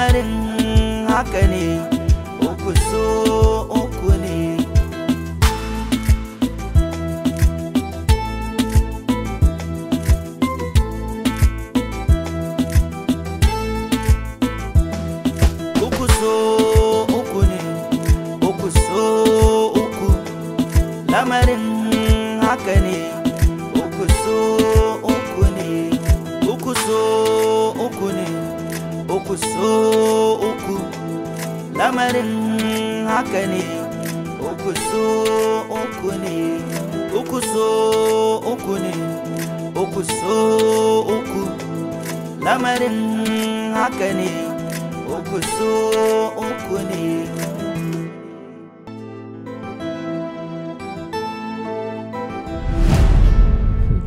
lamarin haka ne ku so lamarin haka ne uku so uku ne uku so uku ne uku so uku lamarin haka ne uku so uku ne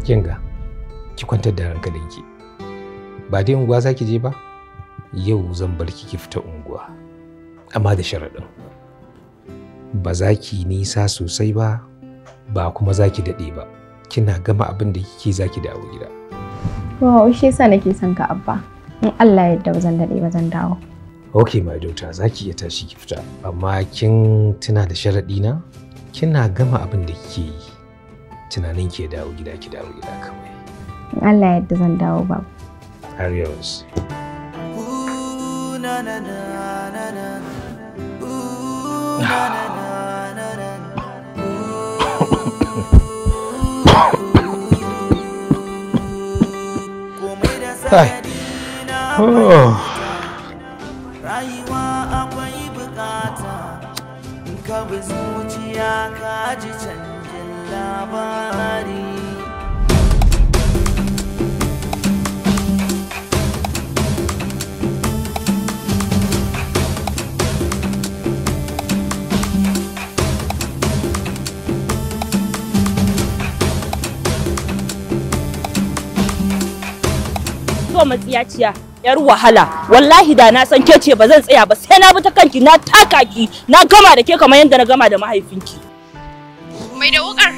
kinga ki kwantar da hankalinki ba dai unguwa za ki je ba yau zan bar ki ki fita unguwa amma da sharaɗin ba za ki nisa sosai ba ba kuma za ki daɗe ba kina gama abin da kike za ki dawo gida wow shi yasa nake son ka abba in Allah ya yarda zan daɗe ba zan dawo ok my daughter za ki iya tashi ki fita amma kin tuna da sharaɗi na kina gama abin da kike yi tunanin ki ya dawo gida ki dawo gida kawai in Allah ya yarda zan dawo ba har Na na na na na Ai. Rayuwa akwai bukata in ka bi zuciya ka ji canjin labari. ko matsiyaciya yar wahala wallahi da na san ke ce ba zan tsaya ba sai na bi ta kanki na taka ki na gama da ke kamar yadda na gama da mahaifinki mai da wukar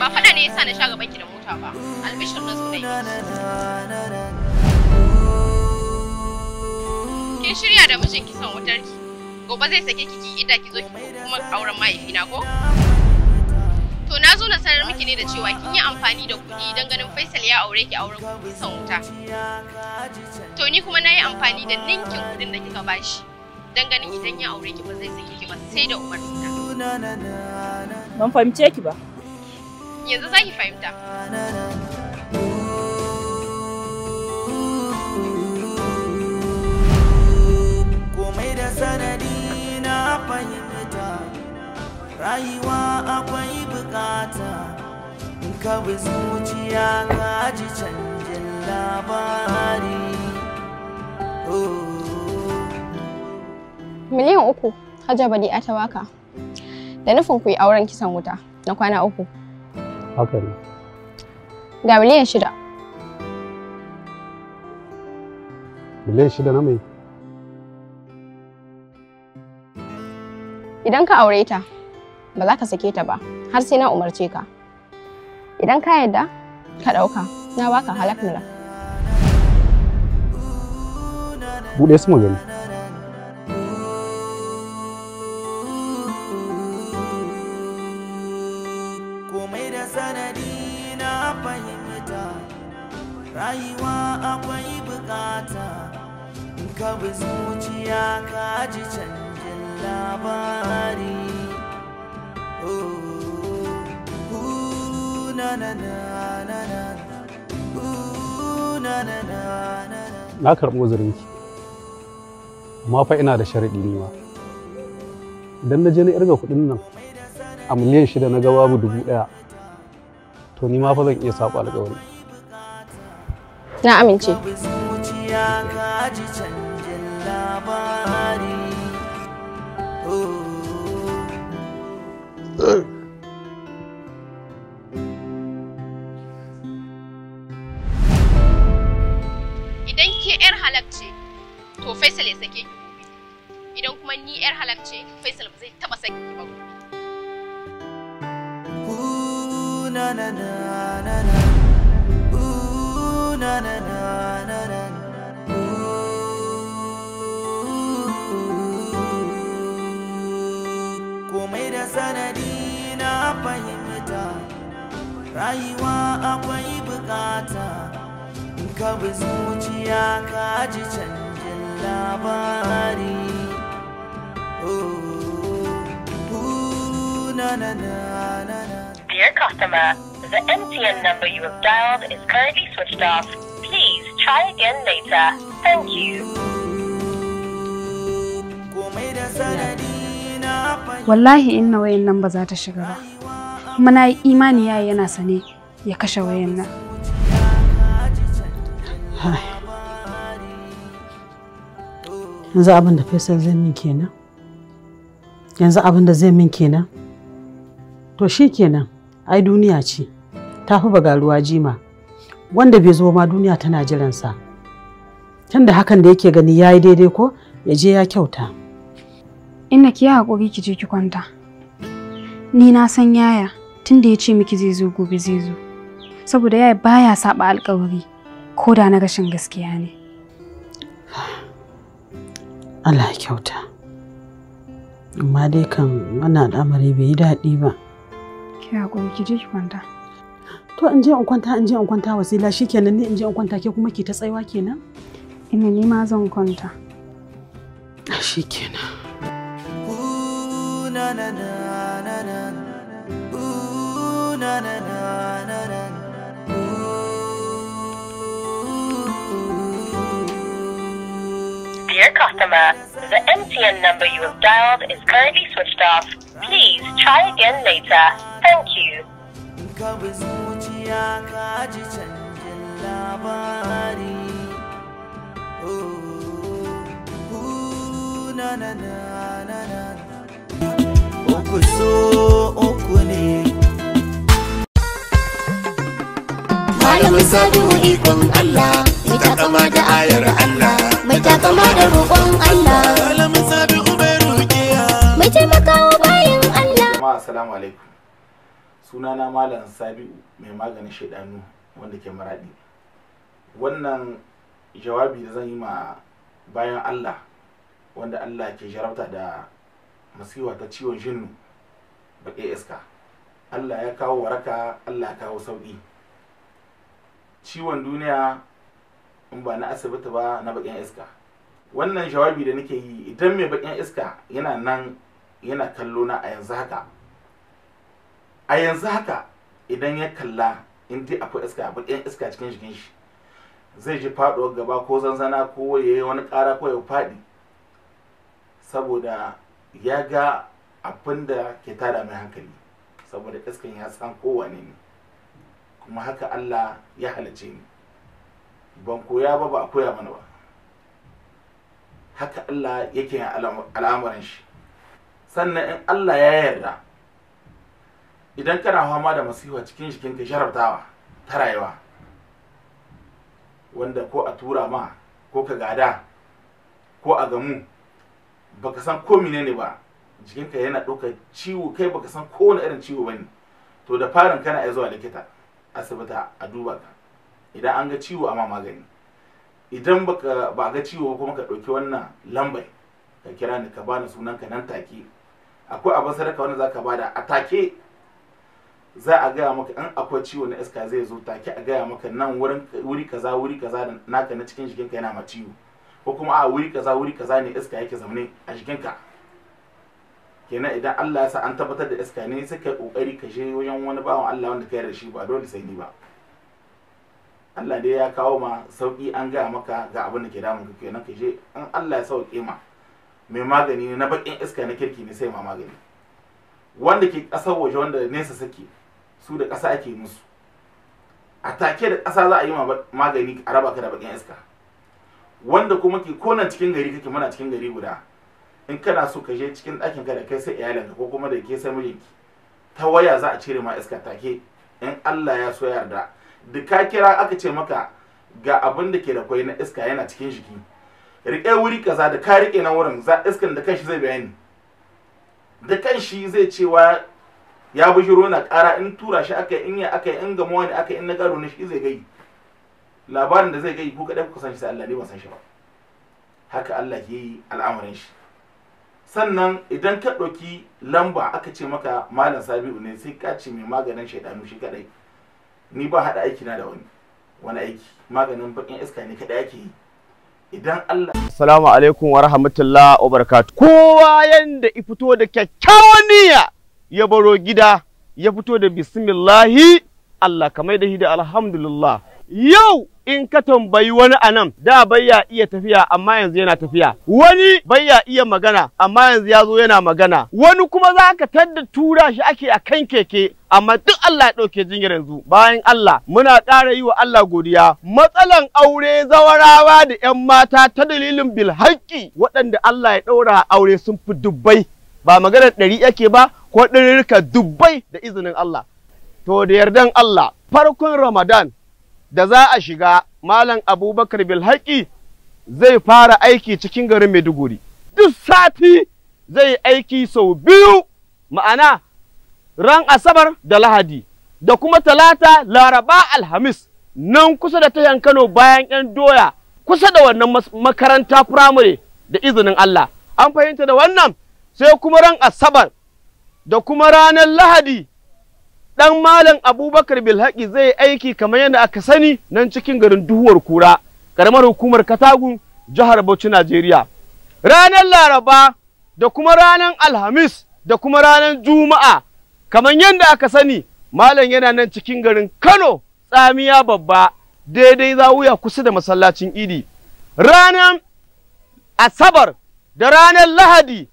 ba fada ne yasa na sha gaban ki da mota ba albishir na zo da Kin shirya da mijinki son wutar ki gobe zai sake ki ki ida ki zo ki kuma auren mahaifina ko To na zo na sanar miki ne da cewa kin yi amfani da kuɗi don ganin Faisal ya aure ki wurin kusan wuta. To ni kuma na yi amfani da ninkin kuɗin da kika bashi don ganin idan ya aure ki ba zai saki ki ba sai da umarnina. Ban fahimce ki ba. Yanzu za ki fahimta. Komai da sanadi na fahimta. rayuwa akwai bukata in ka bi zuciya ka ji canjin labari oh. miliyan uku hajja badi a tawaka da nufin ku yi auren kisan wuta na kwana uku haka ne ga miliyan shida miliyan shida na mai idan ka aure ta ba za ka sake ta ba har sai na umarce ka idan ka yarda ka ɗauka na baka halak mura buɗe su magani rayuwa akwai bukata ka bi zuciya ka ji canjin labari Na karɓi ki amma fa ina da sharaɗi ne ma. Idan na je na irga kuɗin nan a miliyan shida na ga babu dubu ɗaya, to ni ma fa zan iya saɓa alƙawari. Na amince. labari. Idan ke 'yar halak to Faisal ya sake ki Idan kuma ni 'yar Faisal ba zai taba sake ki ba da sanadi fahimta rayuwa akwai bukata in ka bi zuciya ka ji canjin labari oh, Dear customer, the MTN number you have dialed is currently switched off. Please try again later. Thank you. Wallahi inna wayan nan ba za ta shiga ba. muna yi imani ya yana sane ya kashe wayan nan yanzu abin da faisal zai min kenan yanzu abin da zai min kenan to shi kenan ai duniya ce ta fi ruwa jima wanda bai zo ma duniya tana jiransa tunda hakan da yake gani ya yi daidai ko ya je ya kyauta ina ki yi haƙuri ki je ki kwanta ni na san yaya tunda ya ce miki zai zo gobe zai zo saboda yaya baya saba alkawari ko da na rashin gaskiya ne Allah ya kyauta amma dai kan wannan al'amari bai yi daɗi ba ki hakuri ki je ki kwanta to in je in kwanta in je in kwanta wasila shikenan ne in je in kwanta ke kuma ki ta tsaiwa kenan ina ni ma zan kwanta shikenan na na na na na na na na na Dear customer, the MTN number you have dialed is currently switched off. Please try again later. Thank you. mun sabihu ikon Allah mai takama da ayar Allah mai takama da roƙon Allah alamin sabihu mai rukiya mai taimakawa bayan Allah jama'a assalamu alaikum Suna na malam sabiu mai maganin shaidanu wanda ke maradi wannan jawabi da zan yi ma bayan Allah wanda Allah ke jarabta da masiwa ta ciwon jinnu baƙi iska Allah ya kawo waraka Allah ya kawo sauƙi ciwon duniya in ba na asibiti ba na bakin iska wannan jawabi da nake yi idan mai bakin iska yana nan yana kallo na a yanzu haka a yanzu haka idan ya kalla in dai akwai iska bakin iska cikin jikin shi zai ji faɗuwar gaba ko zanzana ko ya yi wani ƙara ko ya faɗi saboda ya ga abin da ke tada mai hankali saboda iskan ya san kowane ne kuma haka Allah ya halice ni ban koya ba ba a koya mana ba haka Allah yake yin al'amuran shi sannan in Allah ya yarda idan kana fama da masifa cikin jikin ka sharaftawa ta rayuwa wanda ko a tura ma ko ka gada ko a gamu baka san ko menene ba jikinka yana ɗaukar ciwo kai baka san kowane irin ciwo bane to da farin kana iya zuwa likita asibita a duba ka idan an ga ciwo a ma magani idan ba a ga ciwo kuma ka ɗauki wannan lambai ka kira ni ka bani sunan ka nan take akwai abin sadaka wanda zaka bada a take za a gaya maka in akwai ciwo na iska zai zo take a gaya maka nan wurin wuri kaza wuri kaza naka na cikin jikinka yana ma ciwo ko kuma a wuri kaza wuri kaza ne iska yake zaune a jikinka kenan idan Allah ya sa an tabbatar da iska ne sai kai kokari ka je wajen wani bawan Allah wanda kai da shi ba dole sai ni ba Allah dai ya kawo ma sauki an gaya maka ga abin da ke damun ka kenan ka je in Allah ya sauke ma mai magani na bakin iska na kirki ne sai ma magani wanda ke kasar waje wanda nesa sake su da ƙasa ake musu a take da ƙasa za a yi magani a raba ka da bakin iska wanda kuma ke konan cikin gari kake muna cikin gari guda in kana so ka je cikin ɗakin ka da kai sai iyalinka ko kuma da ke sai mijinki ta waya za a cire ma iska take in Allah ya so yarda duk ka kira aka ce maka ga abin da ke da kwai na iska yana cikin jiki rike wuri kaza da ka rike na wurin za iskan da kanshi zai bayani da kanshi zai cewa ya bujiro na kara in tura shi aka in ya aka in gamo wani aka in na garo na shi zai gai labarin da zai gai ko kadai ku san shi sai Allah ne ba san shi ba haka Allah ke yi al'amarin shi sannan idan ka ɗauki lamba aka ce maka malam sabi'u ne sai ka ce mai maganin shaidanu shi kadai ni ba haɗa aiki na da wani wani aiki maganin bakin iska ne kadai ake yi idan Allah assalamu alaikum wa rahmatullah wa barakatuh kowa yanda i fito da kyakkyawan niyya ya baro gida ya fito da bismillahi Allah kamar da hida alhamdulillah yau in ka tambayi wani a nan da ya iya tafiya amma yanzu yana tafiya wani ya iya magana amma yanzu ya zo yana magana wani kuma za ka tadda tura shi ake a kan keke amma duk Allah ya ɗauke jinyar yanzu bayan Allah muna ƙara yi wa Allah godiya matsalan aure zawarawa da 'yan mata ta dalilin bilhaki, waɗanda Allah ya ɗaura aure sun fi dubbai ba maganar ɗari yake ba ko ɗarirka dubbai da izinin Allah to da yardan Allah farkon Ramadan da za a shiga Malam Abubakar Bilhaki zai fara aiki cikin garin Maiduguri. Duk sati zai aiki sau biyu ma'ana ran Asabar da Lahadi da kuma Talata Laraba Alhamis nan kusa da tayan Kano bayan 'yan doya kusa da wannan makaranta firamare da izinin Allah. An fahimta da wannan sai kuma ran Asabar da kuma ranar Lahadi ɗan malam abubakar bilhaki zai aiki kamar yadda aka sani nan cikin garin duhuwar kura karamar hukumar katagun jihar bauchi najeriya ranar laraba da kuma ranar alhamis da kuma ranar juma'a kamar yadda aka sani malam yana nan cikin garin kano tsamiya babba daidai za wuya kusa da masallacin idi ranar asabar da ranar lahadi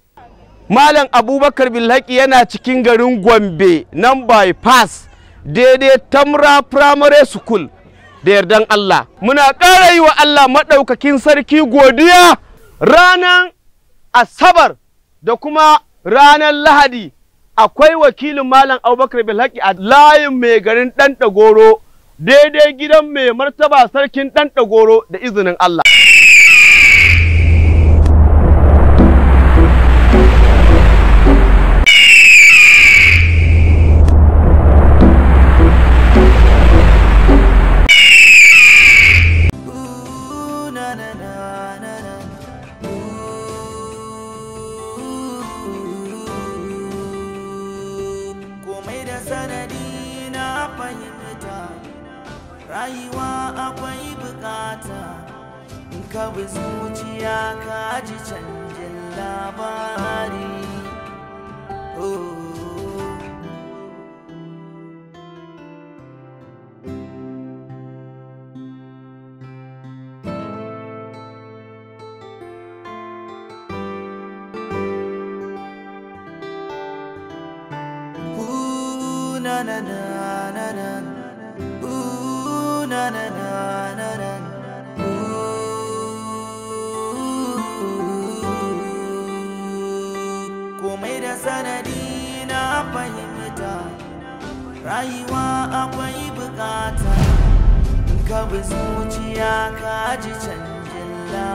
malam abubakar bilhaki yana cikin garin gombe nan bypass daidai tamra primary school da yardan allah muna ƙara yi wa allah maɗaukakin sarki godiya ranar asabar da kuma ranar lahadi akwai wakilin malam abubakar bilhaki a layin mai garin ɗan dagoro daidai gidan mai martaba sarkin ɗan dagoro da izinin allah rayuwa akwai bukata ka bi zuciya ka ji canjin labari oh.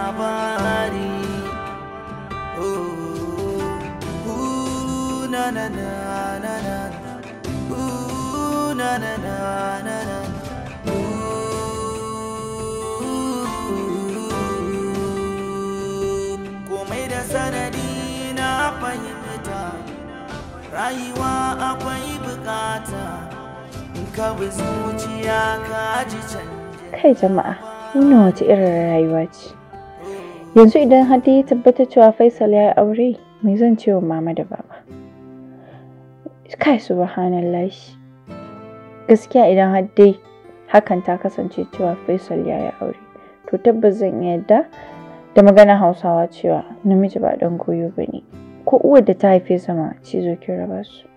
labari na na na na na na na na na da sanadi na fahimta rayuwa akwai bukata kawai zuciya ka ji can kai jama'a nuna wace irin rayuwa ce yanzu idan hadi ya tabbata cewa faisal ya yi aure mai zan ce wa mama da baba kai su lashi gaskiya idan hadi hakan ta kasance cewa faisal ya yi aure to tabbas zan yadda da magana hausawa cewa namiji ba dan goyo ba ne ko uwar da ta haife sama cizo kin raba su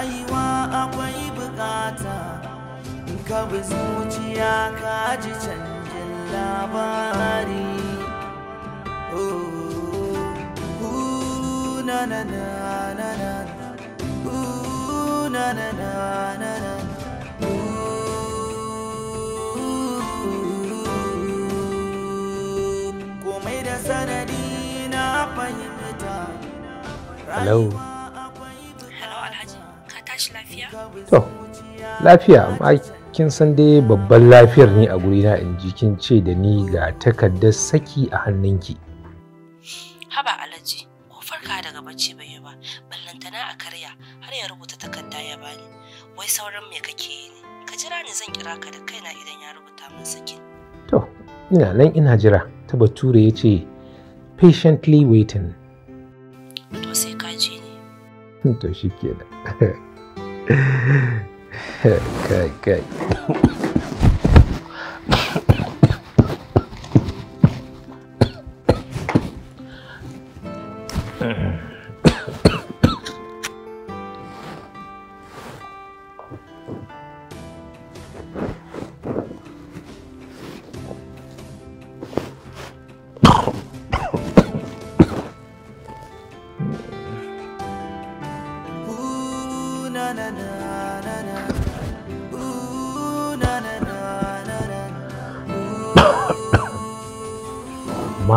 rayuwa akwai bukata ka bi zuciya ka ji canjin labari na na na na na na na na na da sanadi na fahimta Hello. to lafiya amma kin san dai babban lafiyar ni a gurina in ji kin ce da ni ga takardar saki a hannunki haba alaji ko farka daga bacci bai yi ba ballantana a karya har ya rubuta takarda ya bani wai sauran me kake yi ne ka jira ni zan kira ka da kaina idan ya rubuta min sakin to ina nan ina jira ta bature ya ce patiently waiting to sai ka ji ne to shi 可以。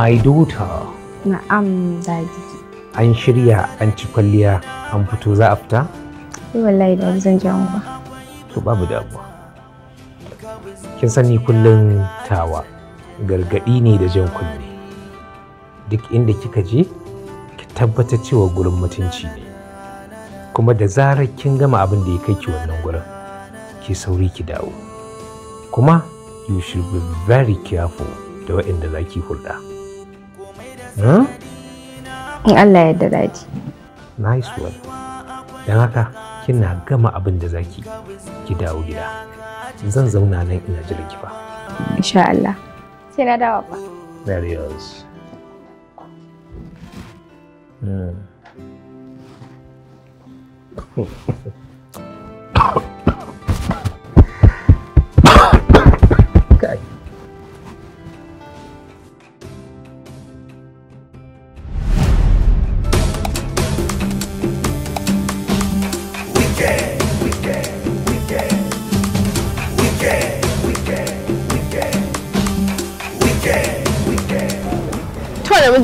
My daughter. Na'am, daddy. An shirya an ci kwalliya an fito za a fita? Yi eh, wallahi da zan ji ba. To babu damuwa. Kin sani kullum tawa gargaɗi ne da jan kunne. Duk inda kika je, ki tabbatar cewa gurin mutunci ne. Kuma da zarar kin gama abin da ya kai ki wannan gurin, ki sauri ki dawo. Kuma you should be very careful da waɗanda za ki hulɗa. In Allah ya daraji. Nice one. Don haka kina gama abin da zaki ki dawo gida. Zan zauna nan ina jira ki fa. Insha Allah. Sai na dawo fa. There he Hmm.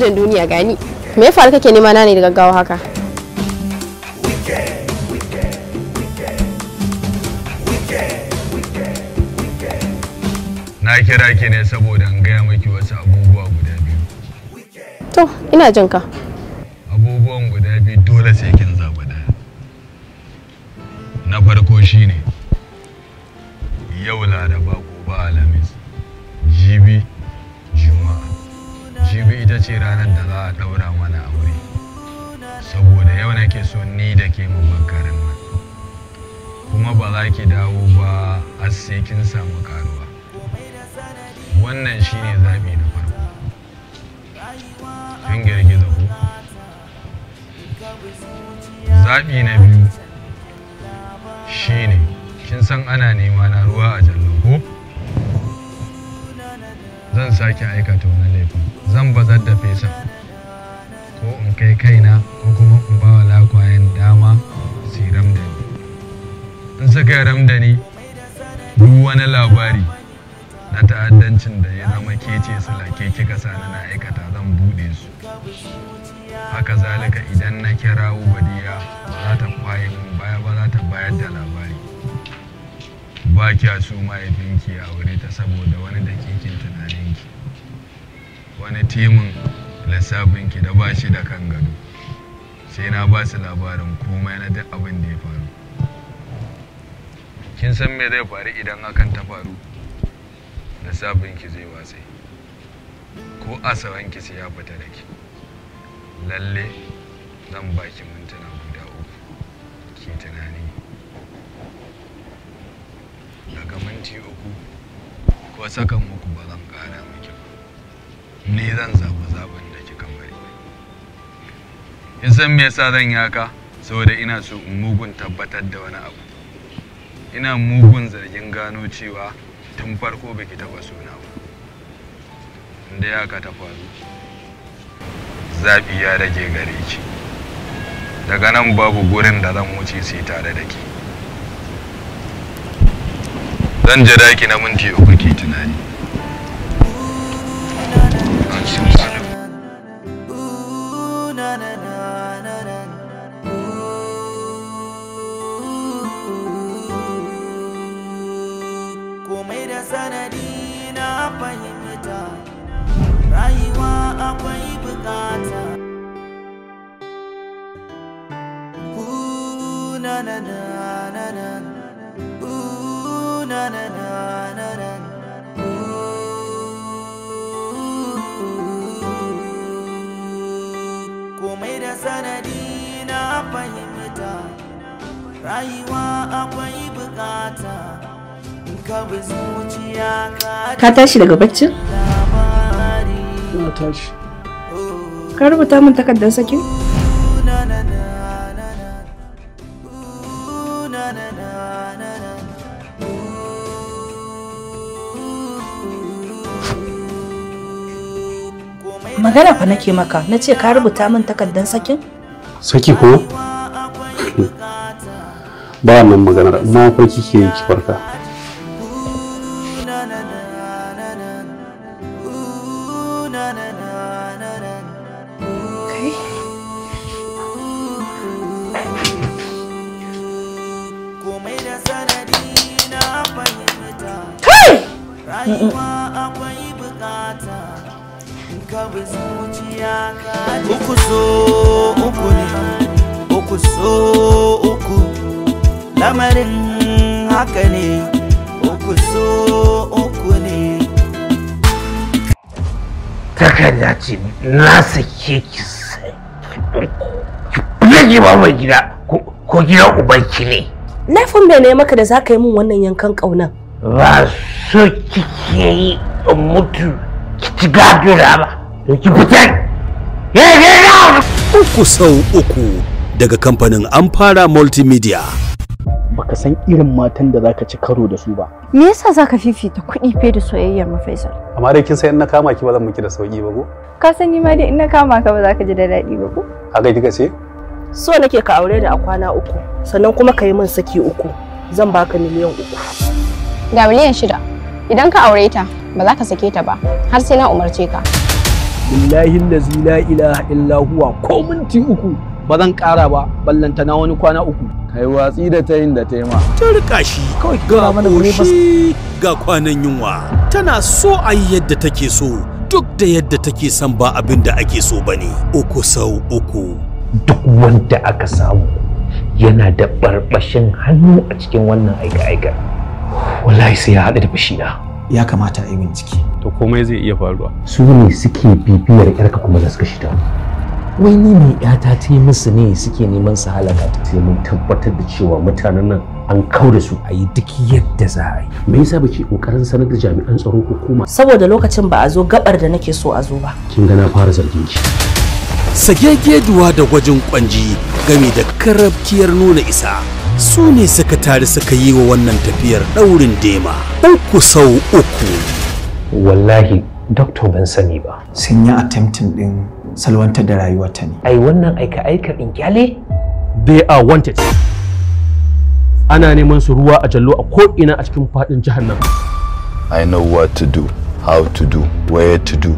sojan duniya gani me ya faru kake nema na ne da gaggawa haka na kira ki ne saboda an gaya maki wasu abubuwa guda biyu to ina jin ka abubuwan guda biyu dole sai kin zaba daya na farko shine yau laraba ba alamis jibi jibi ita ce ranar da za a daura mana aure saboda yau nake so ni da ke karin nan kuma ba za ki dawo ba har sai kin samu karuwa wannan shine zaɓi na farko kin girgiza ku zaɓi na biyu shine kin san ana nema na ruwa a jallo ko zan sake aikata wani laifin zan bazar da fesa ko in kai kaina ko kuma in ba wa lakwayen dama su ramdani in suka yi ramdani, duk wani labari na ta'addancin da ya zama kece su lake kika sani na aikata zan buɗe su haka zalika idan na kira ubadiya ba za ta kwaye min baya ba za ta bayar da labari ba kya su mahaifinki a wuri ta saboda wani dakikinta wani timin lissafin ki da bashi da kan gado sai na ba su labarin komai na duk abin da ya faru kin san me zai faru idan hakan ta faru lissafin ki zai watse ko sauran ki sai ya fita da ki lalle zan baki mintuna guda uku ki tunani daga minti uku ko sakan muku ba zan kara miki ba ni zan zaɓi zabin da kika bari in me yasa zan yaka saboda ina so in mugun tabbatar da wani abu ina mugun zargin gano cewa tun farko baki taɓa suna ba inda yaka ta faru zaɓi ya rage gare ki daga nan babu gurin da zan wuce sai tare da ke zan jira ki na minti uku ki tunani komai da sanadi na fahimta rayuwa akwai bukata Ka tashi daga baccin? Na tashi. Ka rubuta min takardar sakin? magana fa nake maka na ce ka rubuta min takardar sakin? saki ko ba nan maganar amma fa kike yi ki farka ke ki ki ba mai gida ko gida ubanki ne laifin bai ne maka da za ka yi min wannan yankan ƙaunan ba so kike yi in mutu ki ci gadura ba to ki fitar uku sau uku daga kamfanin amfara multimedia baka san irin matan da zaka ci karo da su ba me yasa zaka fifita kuɗi fe da soyayyar ma Faisal amma dai kin san in na kama ki ba zan miki da sauki ba ko ka san ni ma dai in na kama ka ba zaka ji da daɗi ba ko haka kika ce so nake ka aure da akwana uku sannan kuma ka yi min saki uku zan baka miliyan uku ga miliyan shida idan ka aure ta ba za ka sake ta ba har sai na umarce ka billahi la ilaha illa huwa ko minti uku ba zan ƙara ba ballanta na wani kwana uku kai watsi da ta yin da ta yi ma ta rika shi ga ƙoshi ga kwanan yunwa tana so a yi yadda take so duk da yadda take son ba abin da ake so ba ne uku sau uku duk wanda aka samu yana da barbashin hannu a cikin wannan aika-aikar wallahi sai ya haɗu da bashina ya kamata a yi bincike to komai zai iya faruwa su ne suke bibiyar yarka kuma da suka shi ta. wai ni mai yata ta yi musu ne suke neman su halaka ta sai mun tabbatar da cewa mutanen nan an kaure su a yi duk yadda za a yi me yasa baki kokarin sanar da jami'an tsaron hukuma saboda lokacin ba a zo gabar da nake so a zo ba kin ga na fara zargin ki duwa da gwajin kwanji gami da karabkiyar nuna isa su ne suka tare suka yi wa wannan tafiyar daurin dema uku sau uku wallahi doctor ban sani ba sun yi attempting din salwantar da rayuwarta ne ai wannan aika aika in kyale they are wanted ana neman su ruwa a jallo a ko ina a cikin fadin jahannam i know what to do how to do where to do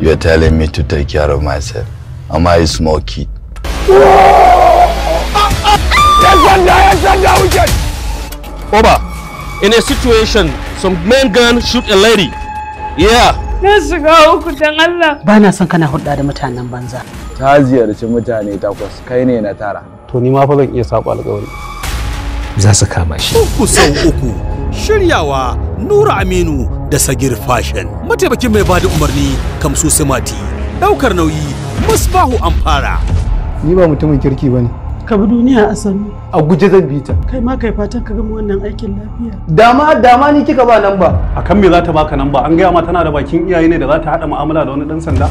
you are telling me to take care of myself am i small kid Oba, in a situation, some men gun shoot a lady Yeah. Na shiga uku dan Allah. Ba na son kana hulɗa da mutanen banza. Ta ziyarci mutane takwas, kai ne na tara. To ni ma fa zan iya saba alƙawari. Za su kama shi. Uku sau uku. Shiryawa Nura Aminu da Sagir Fashion. Mataimakin mai bada umarni Kamsu Simati. ɗaukar nauyi Musbahu Amfara. Ni ba mutumin kirki bane. ka bi duniya a sannu a guje zan bi ta kai ma kai fatan ka gama wannan aikin lafiya dama dama ni kika ba nan ba akan me za ta baka nan ba an gaya ma tana da bakin iyaye ne da za ta hada mu'amala da wani dan sanda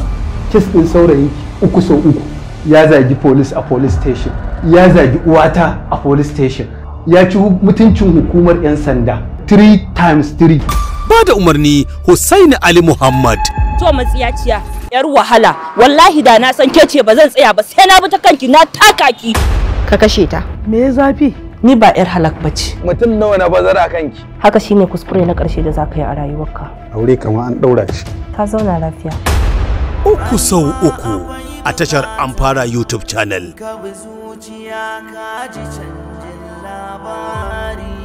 kis din saurayi uku sau uku ya zagi police a police station ya zagi uwata a police station ya ci mutuncin hukumar 'yan sanda 3 times 3 ba da umarni Hussaini Ali Muhammad. To matsiyaciya, yar wahala, wallahi da na san ke ce ba zan tsaya ba sai na bi ta kanki na taka ki. ka kashe ta me ya zafi ni ba yar halak ce. mutum nawa na bazara kanki haka shine kuskure na ƙarshe da za ka yi a rayuwarka aure kamar an daura shi ka zauna lafiya uku sau uku a tashar amfara youtube channel ka zuciya ka ji canjin labari